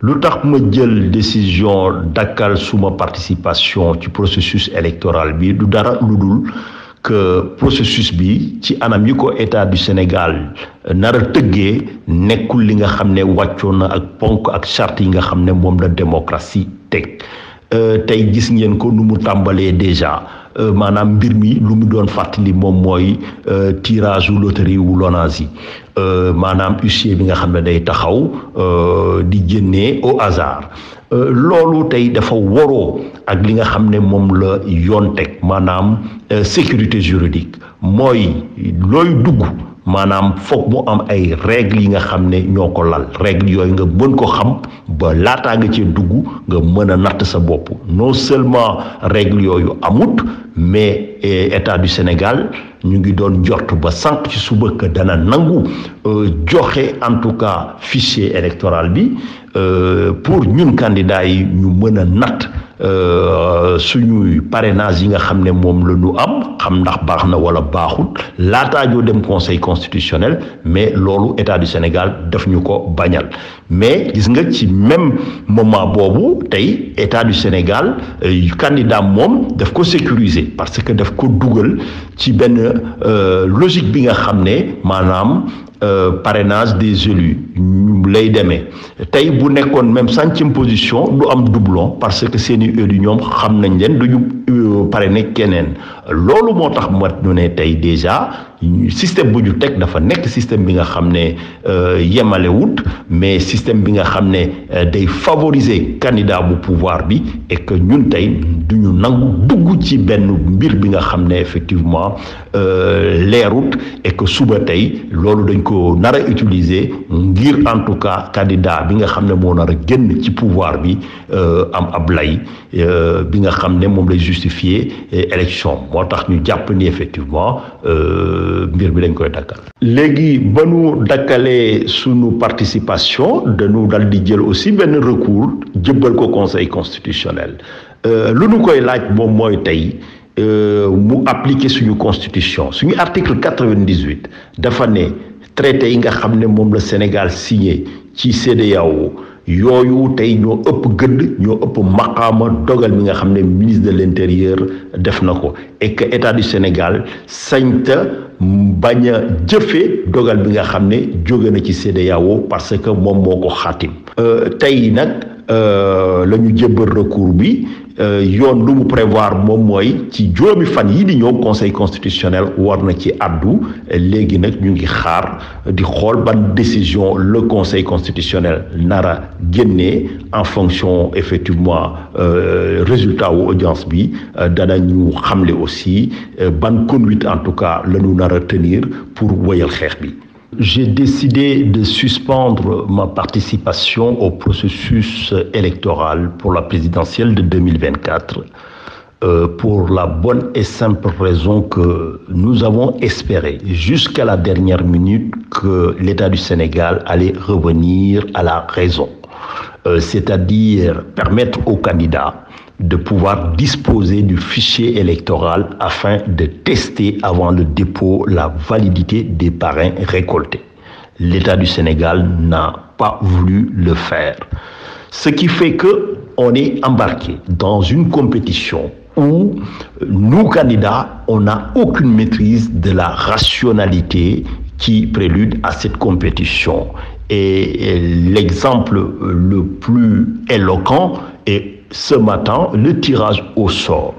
lu tax ma jël décision dakkal suma participation ci processus électoral bi du dara lu dul que processus bi ci anam yi ko état du Sénégal euh, nar a tëggee nekkul li nga xam ne wàccoon na ak ponk ak chart yi nga xam ne moom la démocratie teg euh, tey gis ngeen ko nu mu tàmbalee déjà Euh, maanaam mbir mi lu mu doon fàttali moom mooy euh, tirage wu loterie wu Lonase yi euh, maanaam ussier bi nga xam ne day taxaw di génnee au hasard loolu tey dafa waroo ak li nga xam ne moom la yoon teg maanaam sécurité juridique mooy looy dugg manam foog mu am ay règles yi nga xam ne ñoo ko lal règle yooyu nga mën ko xam ba laataa nga cee dugg nga mën a natt sa bopp non seulement règle yooyu amut mais eh, état du Sénégal ñu ngi doon njort ba sànq ci suba que dana nangu euh, joxe en tout cas fichier électoral bi euh, pour ñun candidats yi ñu mën a natt euh, suñuy parrainage yi nga xam ne moom la ñu am xam ndax baax na wala baaxul laataa ñoo dem conseil constitutionnel mais loolu état du Sénégal daf ñu ko bañal mais gis nga ci même moment boobu tey état du Sénégal euh, candidat moom daf ko sécuriser parce que daf ko dugal ci benn euh, logique bi nga xam ne maanaam. Euh, parrainage des élus lay démé tay bu nekkoon même centième position du am doublon parce que seeni élus ñom xam nañ len du ñu euh, parrainer keneen lolu motax mat ñu ne tay déjà système bu ñu teg dafa nek système bi nga xamné euh yemale wut mais système bi nga xamné euh, day favoriser candidat bu pouvoir bi et que ñun tay duñu nangu dugg ci benn mbir bi nga xam ne effectivement euh, leerut et que suba tay lolu dañ ko nara utiliser ngir en tout cas candidat bi nga xamné mo nara genn ci pouvoir bi euh, am ablay euh bi nga xamné mom lay justifier élection moo tax ñu jàpp ni effectivement euh, mbir mi dañ koy dakkal. léegi ba nu dakkalee sunu participation dañu dal di jël aussi benn recours jëbbal ko conseil constitutionnel euh, lu nu koy laaj moom mooy tey. Euh, mu appliquer suñu constitution suñu article 98. dafa ne traité yi nga xam ne moom la Sénégal signé ci CEDEAO yooyu tey ñoo ëpp gëdd ñoo ëpp maqaama dogal bi nga xam ne ministre de l'intérieur def na ko et que état du Sénégal sañta bañ a jëfe dogal bi nga xam ne jóge na ci CEDEAO parce que moom moo ko xaatim euh, tey nag euh, la ñu jëbbal recours bi Euh, yoon lu mu prévoir moom mooy ci juróomi fan yi di ñëw conseil constitutionnel war na ci addu léegi nag ñu ngi xaar di xool ban décision le conseil constitutionnel nara génnee en fonction effectivement euh, résultat wu audience bi euh, danañu xamle aussi ban conduite en tout cas la ñu nar a tenir pour wéyal xeex bi. J'ai décidé de suspendre ma participation au processus électoral pour la présidentielle de 2024 euh, pour la bonne et simple raison que nous avons espéré jusqu'à la dernière minute que l'État du Sénégal allait revenir à la raison, euh, c'est-à-dire permettre aux candidats de pouvoir disposer du fichier électoral afin de tester avant le dépôt la validité des parrains récoltés. L'État du Sénégal n'a pas voulu le faire. Ce qui fait que on est embarqué dans une compétition où nous candidats, on n'a aucune maîtrise de la rationalité qui prélude à cette compétition. Et l'exemple le plus éloquent est ce matin le tirage au sort.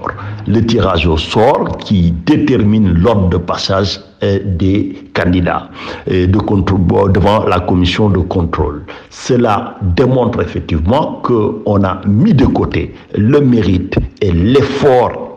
Le tirage au sort qui détermine l'ordre de passage euh, des candidats euh, de contrôle, devant la commission de contrôle. Cela démontre effectivement qu'on a mis de côté le mérite et l'effort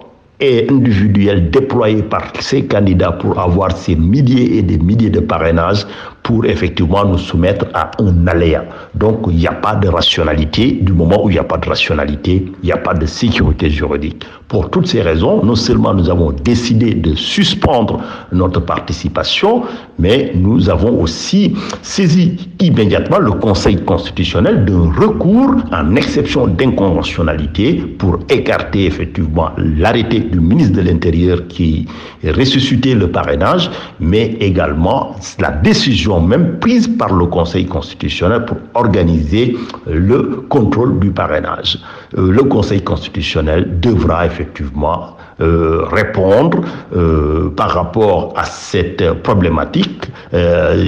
individuel déployé par ces candidats pour avoir ces milliers et des milliers de parrainages pour effectivement nous soumettre à un aléa. Donc il n'y a pas de rationalité. Du moment où il n'y a pas de rationalité, il n'y a pas de sécurité juridique. Pour toutes ces raisons, non seulement nous avons décidé de suspendre notre participation, mais nous avons aussi saisi immédiatement le Conseil constitutionnel d'un recours en exception d'inconventionnalité pour écarter effectivement l'arrêté du ministre de l'Intérieur qui ressuscitait le parrainage, mais également la décision même prises par le Conseil constitutionnel pour organiser le contrôle du parrainage. Euh, le Conseil constitutionnel devra effectivement euh, répondre euh, par rapport à cette problématique,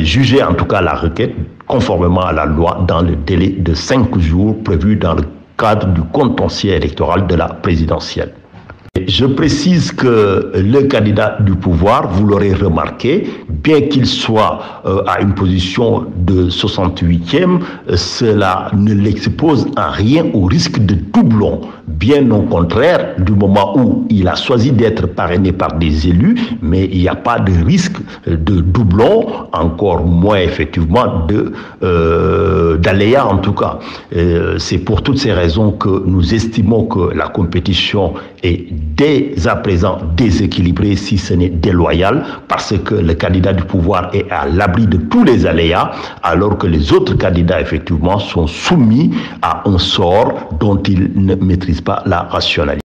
juger en tout cas la requête conformément à la loi dans le délai de cinq jours prévu dans le cadre du contentieux électoral de la présidentielle. Je précise que le candidat du pouvoir, vous l'aurez remarqué, bien qu'il soit euh, à une position de 68e, euh, cela ne l'expose à rien au risque de doublon. Bien au contraire, du moment où il a choisi d'être parrainé par des élus, mais il n'y a pas de risque de doublon, encore moins effectivement de euh, d'aléas en tout cas. Euh, c'est pour toutes ces raisons que nous estimons que la compétition est dès à présent déséquilibrée, si ce n'est déloyale, parce que le candidat du pouvoir est à l'abri de tous les aléas, alors que les autres candidats effectivement sont soumis à un sort dont ils ne maîtrisent pas la rationalité.